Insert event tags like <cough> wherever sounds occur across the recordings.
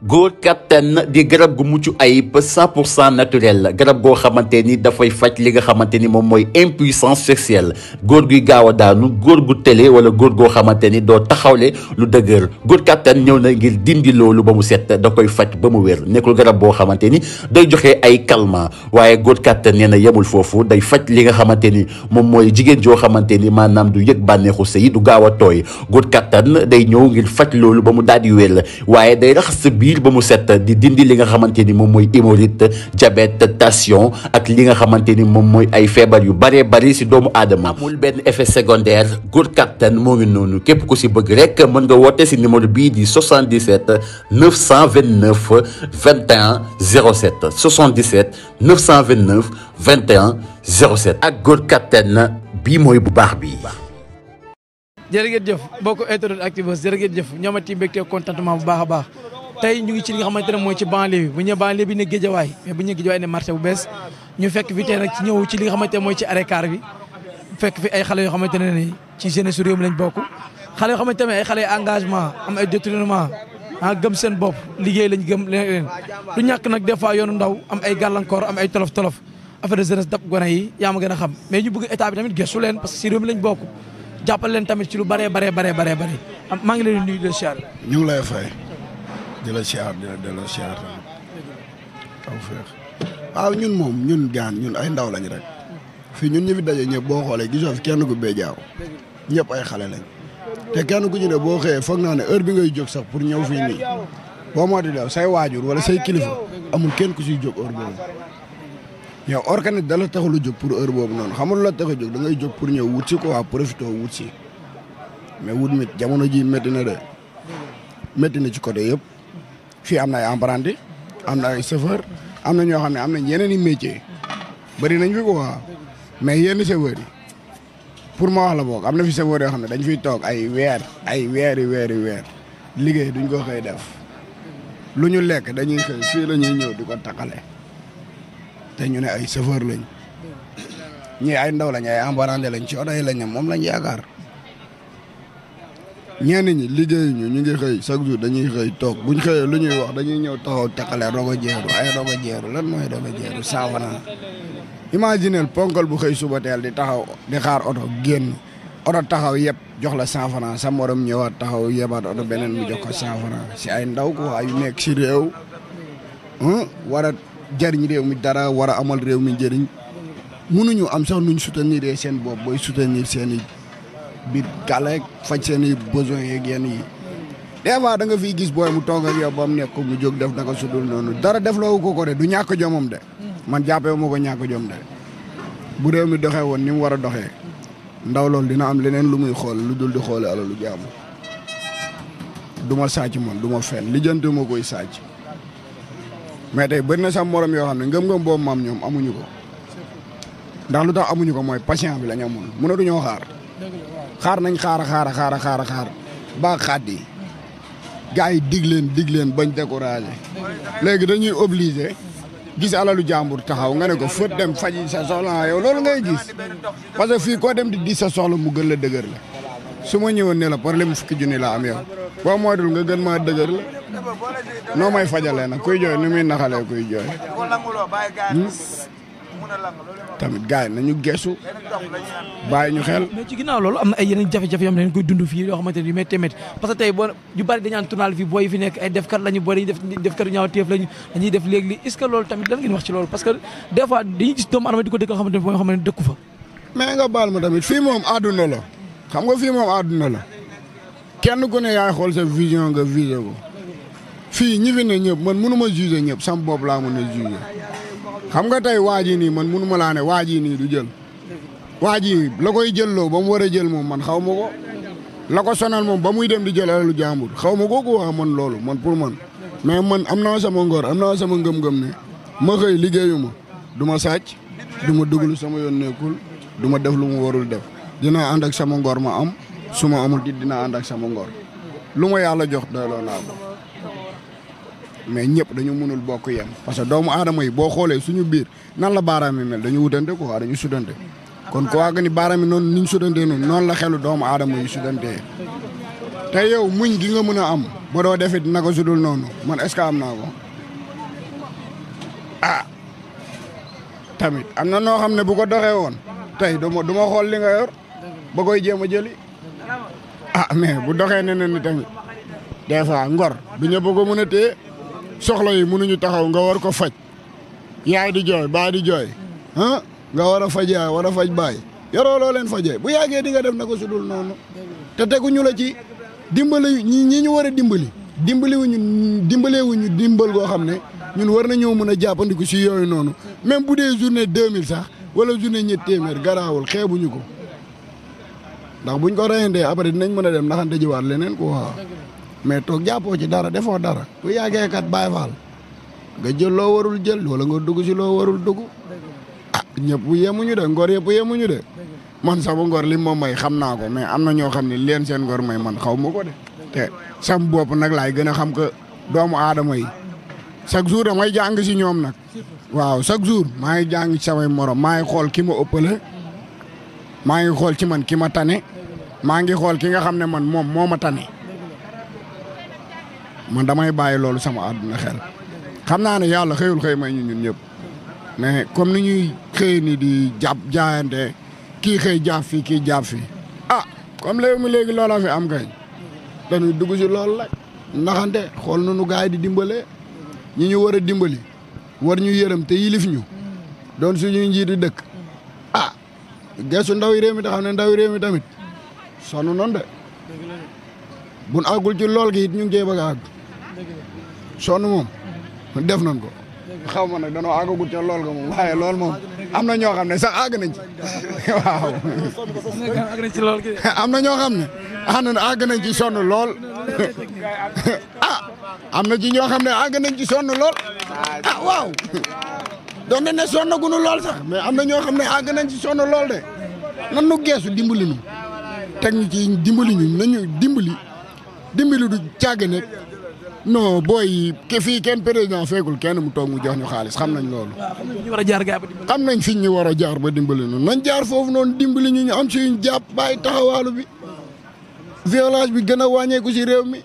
góor kattan di garab gu mucc ayib cent pour cent naturel garab goo xamante ni dafay faj li nga xamante ni moom mooy impuissance sexuelle góor guy gaaw a daanu góor gu tële wala góor goo xamante ni doo taxawle lu dëgër góor kattan ñëw na ngir dindi loolu ba mu set da koy faj ba mu wér nekkul garab boo xamante ni day joxe ay calmant waaye góor kattan nee na yemul foofu day faj li nga xamante ni moom mooy jigéen joo xamante ni maanaam du yëg bànneexu sëy du gaaw a tooy góor kattan day ñëw ngir faj loolu ba mu daal di wér wiir ba mu set di dindi li nga xamante ni moom mooy hémorroïde diabète tension ak li nga xamante ni moom mooy ay feebar yu bëree bëri si doomu aadama amul benn effet secondaire góor kattan moo ngi noonu képp ku si bëgg rek mën nga woote si numéro bii di 77 929 21 07 77 929 21 07 ak góor kattan bii mooy bu baax bi jërëjëf boo ko internet Actubuzz jërëjëf ñoom it mbégte contentement bu baax a baax tey ñu ngi ci li nga xamante ne mooy ci banlieue bi bu ñu banlieue bi ne géejawaay mais bu ñu géejawaay ne marché bu bees ñu fekk fi tey nga xamante ne mooy ci arrêt car bi fekk fi ay xale yoo xamante ne ni ci jeunesse réew mi lañ bokk xale yoo xamante ne ay xale engagement am ay détournement ah gëm seen bopp liggéey lañ gëm leen du ñàkk nag des fois yoonu ndaw am ay gàllankoor am ay tolof tolof affaire de jeunesse gone yi yaa ma gën a xam mais ñu bëgg état bi que si bokk jàppal leen tamit ci lu baree baree baree bare maa ngi leen ngi lay fay di la siyaar di delloo siyaar taw ñun moom ñun gaan ñun ay ndaw lañ rek fii ñun ñu fi daje ñëpp boo xoolee gisoo fi kenn ku bee jaaw ñëpp ay xale lañ te kenn ku ci ne boo xëyee foog naa ne heure bi ngay jóg sax pour ñëw fii nii boo moo di daw say waajur wala say kilifa amul kenn ku siy jóg heure boobu yow organise da la taxul a jóg pour heure boobu noonu xamul la tax a jóg da ngay jóg pour ñëw wut si quoi profité wut si mais wut mit jamono ji métti na de métti na ci côté yëpp. fii am na ay apprenti am na ay chauffeur am na ñoo xam ne am nañ yeneen i métier bëri nañ fi mais yenn chauffeur pour ma wax la boog am na fi chauffeur yoo xam ne dañ fiy toog ay weer ay weeri weeri weer liggéey duñ ko xëy def lu ñu lekk dañuy xëy fii la ñuy ñëw di ko takkale te ñu ne ay chauffeur lañ ñii ay ndaw lañ ay apprenti lañ ci oto yi lañ ne moom lañ yaakaar ñenn ñi liggéey ñu ñu ngi xëy chaque jour dañuy xëy toog buñ xëyee lu ñuy wax dañuy ñëw taxaw takkale rogo jeeru ay rogo jeeru lan mooy rogo jeeru saawana imagineel ponkal bu xëy suba teel di taxaw di xaar oto génn oto taxaw yëpp jox la cent franc sa ñëwaat taxaw yebaat oto beneen mu jox ko cent si ay ndaw ko ay nekk si réew war a jariñ réew mi dara war a amal réew mi njëriñ mënuñu am sax nuñ soutenir seen bopp booy soutenir seen i bi kàlla faj seen i besoins yeeg yenn yi des fois da nga fiy gis booy mu toog ak nekk mu jóg def naka sudul noonu dara def loowu ko ko de du ñàkk jomam de man jàppee moo ko ñàkk jom de bu réew mi doxee woon ni mu war a doxee ndaw loolu dina am leneen lu muy xool lu dul di xoole lu jàmm du ma sàcc man du ma fen lijjanti ma koy sàcc mais tey bëri na sax morom yoo xam ne ngëm-ngëm boobu maam ñoom amuñu ko ndax lu tax amuñu ko mooy patient bi la ñu amul mënatuñoo xaar xaar nañ xaar xaar xaar xaar ba xaddi gars yi dig leen dig leen bañ découragé léegi dañuy obligé gis alalu jàmbur taxaw nga ne ko fët dem faji sa soxla yow loolu ngay gis parce fii koo dem di di sa soxla mu gën la dëgër la su ma ñëwoon ne la problème fukki junni la am yow boo moytul nga gën maa dëgër la noo may fajalee nag kuy jooy ni muy naxalee kuy jooy hmm? tamit gars yi nañu geesu bàyyi ñu xel. mais ci ginnaaw loolu am na ay yeneen jafe-jafe yoo xam ne dañ koy dund fii yoo xamante ne yu métti métti parce que tey boo ñu bari dañaan tournal fii booy fi nekk ay defkat def defkat ñaaw téef dañuy def léegi li loolu tamit lan ngeen wax ci loolu parce que dañuy gis doomu adama di ko dëkkal xamante ne foo xam nga baal ma tamit fii moom àdduna la xam nga fii moom àdduna la kenn ku ne yaay xool sa vision nga vision ko fii ñi fi ne ñëpp man mënu ma juger ñëpp sama bopp laa xam nga tey waa ji nii man munu ma waa ji nii du jël waa ji la koy jëlloo ba mu war a jël moom man xaw ma ko la ko sonal moom ba muy dem di jël lu jàmbur xaw ma ko waa man loolu man pour man mais man am na sama ngor am naa sama ngëm-ngëm ne ma xëy liggéeyu du ma sàcc du ma duglu sama yoon nekkul du ma def lu mu warul def dinaa ànd ak sama ngor ma am su ma amul di dinaa ànd ak sama ngor lu ma yàlla jox doyloo naa mais ñëpp dañu mënul bokk yem parce que doomu aadama yi boo xoolee suñu biir nan la baaraam yi mel dañu wutante quoi dañu sudante kon ko waa ni baaraam yi noonu ni ñu sudantee noonu noonu la xelu doomu aadama yi sudantee te yow muñ gi nga mën a am ba doo defit naka sudul noonu man est-ce que naa ko ah, am na noo xam ne bu ko doxee woon tey du ma du ma xool li nga yor ba koy jéem a jëli ah mais bu doxee ne ne ni tamit des fois ngor du ñëpp ko mën a téye soxla yi mënuñu taxaw nga war ko faj yaay di jooy baay di jooy ah nga war a faj yaay war a faj baay yoroo loo leen fajee bu yàggee di nga def na ko sudul noonu te teguñu la ci dimbali ñi ñi ñu war a dimbali dimbaliwuñu dimbaleewuñu dimbal goo xam ne ñun war nañoo mën a jàppandiku si yooyu noonu même bu dee journée deux mille sax wala journée ñetti téeméer garaawul xeebuñu ko ndax buñ ko reyandee après dinañ mën a dem naxante jiwaat leneen quoi. mais toog jàppoo ci dara defoo dara ku yàggee kat baay faal nga jël loo warul jël wala nga dugg si loo warul dugg ah ñëpp yemuñu de ngor yëpp yemuñu de man sama ngor li moom may xam naa ko mais am na ñoo xam ne leen seen ngor may man xaw ma ko de te sam bopp nag laay gën a xam que doomu aadama yi chaque jour damay jàng si ñoom nag waaw chaque jour maa ngi jàng ci samay morom maa ngi xool ki ma ëppale maa ngi xool ci man ki ma tane maa ngi xool ki nga xam ne man moom moo ma tane man damay bàyyi loolu sama àdduna xel xam naa ne yàlla xëyul xëy may ñu ñun ñëpp mais comme ni ñuy xëy ni di jàpp jaayante kii xëy jàpp fii kii jàpp fii ah comme léegi mi léegi loola fi am kay dañuy dugg si lool la ndaxante xool nu nu gaay di dimbale ñi ñu war a dimbali war ñu yërëm te yilif ñu doon suñuy njiitu dëkk ah geesu ndaw yi réew mi te xam ne ndaw yi réew mi tamit sonn noonu de buñ àggul ci lool gi ñu ngi cee sonn moom def nañ ko xaw ma nag danoo àggagul ca lool nga moom waaye lool moom am na ñoo xam ne sax àgg nañ ci <laughs> waaw <laughs> am na ñoo xam ne ànd na àgg nañ ci sonn lool <laughs> ah na ci ñoo xam ne àgg nañ ci sonn lool ah waaw doon na ne sonn gunu lool sax mais am na ñoo xam ne àgg nañ ci sonn lool de nan nu geesu dimbali ñu teg ñu ci dimbali ñu nañu dimbali dimbali du càgg ne non booy yi fii kenn président feegul kenn mu toog mu jox ñu xaalis xam nañ loolu. xam nañ fi ñu war a jaar ba dimbali noonu nañ jaar foofu noonu dimbali ñu ñu am suñu jàpp bàyyi taxawaalu bi violence bi gën a wàññeeku si réew mi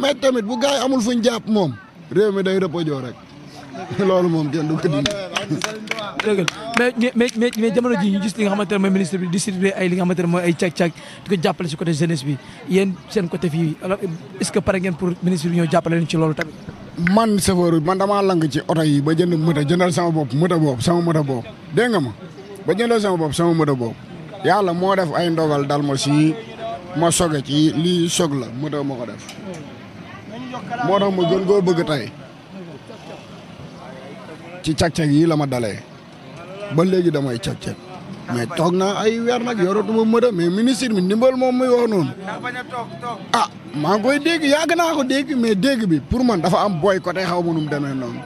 mais tamit bu gaay amul fu ñu jàpp moom réew mi day rëpp a joo rek. loolu moom kenn du ko dindi. dëgg mais mais mais jamono ji ñu gis li nga xamante ne mooy ministre bi distribué ay li nga xamante ne mooy ay càq-càq di ko jàppale si côté jeunesse bi yéen seen côté fii alors est-ce que pare ngeen pour ministre bi ñoo jàppale man chauffeur man damaa lang ci oto yi ba jënd moto jëndal sama bopp moto boobu sama moto boobu dégg nga ma ba jëndal sama bopp sama moto boobu yàlla moo def ay ndogal dal ma si ma soge ci lii sog la moto ma ko def moo tax ma gën koo bëgg tey. ci càq-càq yi la ma dale ba léegi damay càq-càq mais toog na ay weer nag yoratuma mëda mais ministre bi ndimbal moom muy wax noonu ah maa ngi koy dégg yàgg naa ko dégg mais dégg bi pour man dafa am boycotté xaw ma nu mu demee noonu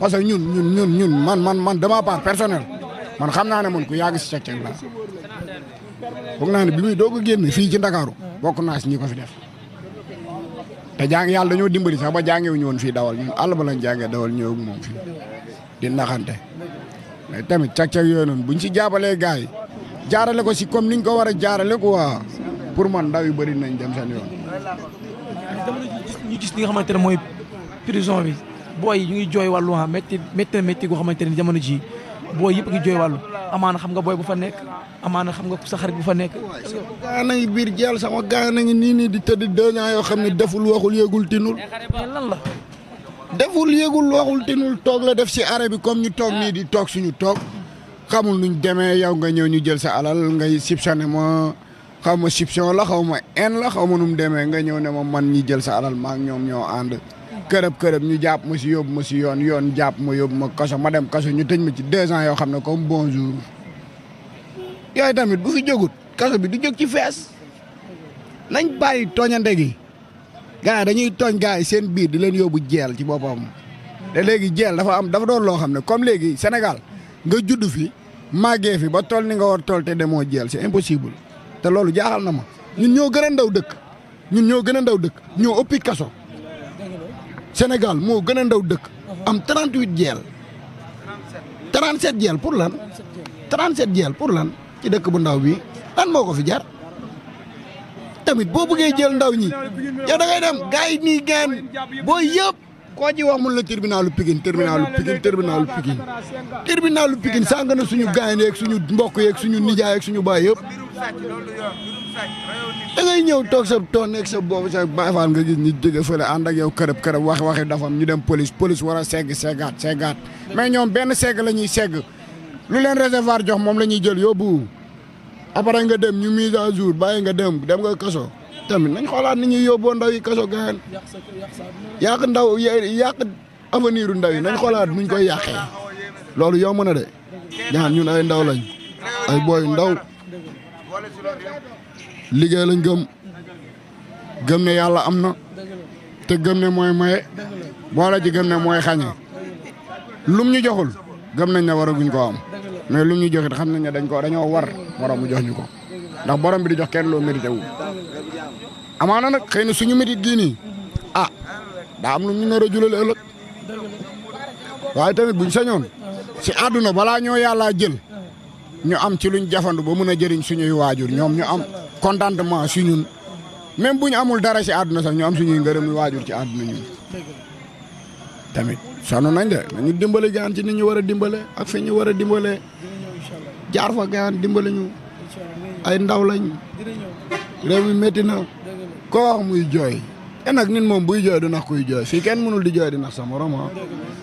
parce que ñun ñun ñun ñun man man man dama part personnel man xam naa ne man ku yàgg si càq-càq la foog naa ne bi muy doog a génn fii ci Ndakaaru bokk naa si ñi ko fi def te jàng yàlla dañoo dimbali sax ba jàngewuñu woon fii dawal ñun àll ba lañ jàngee dawal ñëw ak moom fii di naxante mais tamit cag-cag yooyu noonu buñ ci jaabalee gars yi jaarale ko si comme niñ ko war a ko quoi pour man ndaw yu bëri nañ dem seen yoon. ñu gis li nga xamante ne mooy prison bi booy yi ñu ngi jooy wàllu ah métti métti métti goo xamante ni jamono ji boo yëpp gi ngi jooy wàllu. amaana xam nga booy bu fa nekk amaana xam nga sa xarit bu fa nekk. waaye nañu biir jeel sama gaa nañu nii nii di tëdd deux yoo xam ne deful waxul yëgul tinul. Eh, lan la. deful yëgul waxul tinul toog la def si arrêt bi comme ñu toog nii di toog suñu toog xamul nuñ demee yow nga ñëw ñu jël sa alal ngay sipsane ma xaw ma sipsion la xaw ma en la xaw ma nu mu demee nga ñëw ne ma man ñi jël sa alal maa ñoom ñoo ànd. kërëb kërëb ñu jàpp ma si yóbbu ma si yoon yoon jàpp ma yóbbu ma kaso ma dem kaso ñu tëj ma ci deux ans yoo xam ne comme bonjour yooyu tamit bu fi jógut kaso bi du jóg ci fees nañ bàyyi tooñante gi gars dañuy tooñ gars yi seen biir di leen yóbbu jeel ci boppam te léegi jeel dafa am dafa doon loo xam ne comme léegi Sénégal nga juddu fi màggee fi ba toll ni nga war toll te demoo jeel si impossible te loolu jaaxal na ma ñun ñoo gën a ndaw dëkk ñun ñoo gën a ndaw dëkk ñoo ëppi kaso Sénégal moo gën a ndaw dëkk am 38 jeel 37 jeel pour lan 37 jeel pour lan ci dëkk bu ndaw bi lan moo ko fi jar tamit boo bëggee jël ndaw ñi yow da ngay dem gars yi nii gaan booy yëpp koo ji wax mun la tribunalu Pikine tribunalu Pikine tribunalu Pikine tribunalu Pikine sàng na suñu gaañ yeeg suñu mbokk yeeg suñu nijaay yeeg suñu baay yëpp da ñëw toog sa toog nekk sa boobu sa Baay Faal nga gis ñu jóge fële ànd ak yow kërëb kërëb wax waxi dafam ñu dem police police war a segg seggaat seggaat mais ñoom benn segg la ñuy segg lu leen réservoir jox moom la ñuy jël yóbbu après nga dem ñu mise à jour bàyyi nga dem dem nga kaso tamit nañ xoolaat ni ñuy yóbboo ndaw yi kaso gaan yàq ndaw yàq avenir ndaw yi nañ xoolaat nuñ koy yàqee loolu yomb na de ñaan ñun ay ndaw lañ ay booyu ndaw liggéey lañ gëm gëm ne yàlla am na te gëm ne mooy maye boole ji gëm ne mooy xañe lum ñu joxul gëm nañ ne waraguñ koo am mais lum ñu joxit xam nañ ne dañ ko dañoo war borom mu jox ñu ko ndax borom bi di jox kenn loo mérité wu. amaana nag xëy na suñu métit gii nii ah daa am lu ñu nar a julal ëllëg waaye tamit buñ sañoon si àdduna balaa ñoo yàllaa jël ñu am ci luñ jafandu ba mën a jëriñ suñuy waajur ñoom ñu am. contentement si ñun même bu ñu amul dara si àdduna sax ñu am suñuy ngërëm waajur ci àdduna ñun tamit sonn nañ de nañu dimbale gaan ci ni ñu war a dimbale ak fi ñu war a dimbale jaar fa gaan dimbale ñu ay ndaw lañ réew na koo wax muy jooy te nag moom buy jooy du nax kuy jooy fii kenn mënul di jooy di nax sax morom ah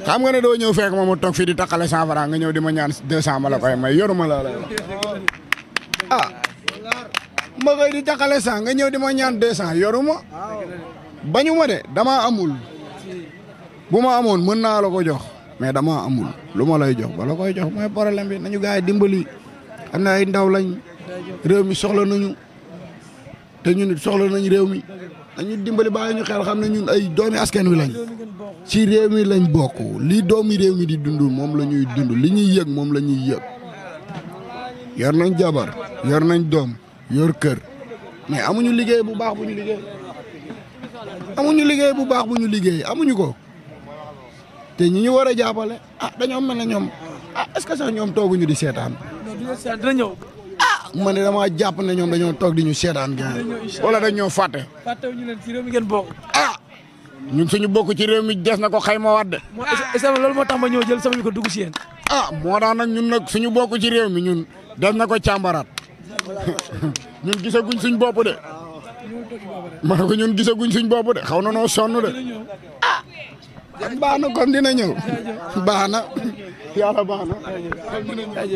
xam nga ne doo ñëw feek ma mu toog fii di takkale cent nga ñëw di ma ñaan deux cent ma la koy may yoruma la lay wax ma koy di taxale cent nga ñëw di ma ñaan deux cent yoruma bañu ma de dama amul bu ma amoon mën naa la ko jox mais dama amul lu ma lay jox ba la koy jox mooy problème lembi nañu gars yi dimbali am na ay ndaw lañ réew mi soxla nañu te ñun soxla nañ réew mi dañu dimbali bàyyi ñu xel xam na ñun ay doomi askan wi lañ si réew mi lañ bokk li doomi réew mi di dund moom la ñuy dund li ñuy yëg moom la ñuy yëg yor nañ jabar yor nañ doom yor kër mais amuñu liggéey bu baax bu ñu liggéey amuñu bu baax bu liggéey amuñu ko te ñu ñu war a jàppale a ah, dañoo mel ne ñoom ah est-ce que sax ñoom tooguñu di seetaan. dina ñëw. ah man de damaa jàpp ne ñoom dañoo toog di ñu seetaan gàncax wala dañ ñoo fàtte. fàttewuñu leen ngeen bokk. ah ñun suñu bokk ci réew mi des na ko xayma waat de. mooy loolu moo tax ma ñëw jël sama ko dugg si yéen. ah moo daan a ñun nag suñu bokk ci réew mi ñun des na ko càmbaraat. ñun gisaguñ suñ bopp de ma ne ko ñun gisaguñ suñ bopp de xaw na noo sonn de ah baax na kon dina ñëw baax na yàlla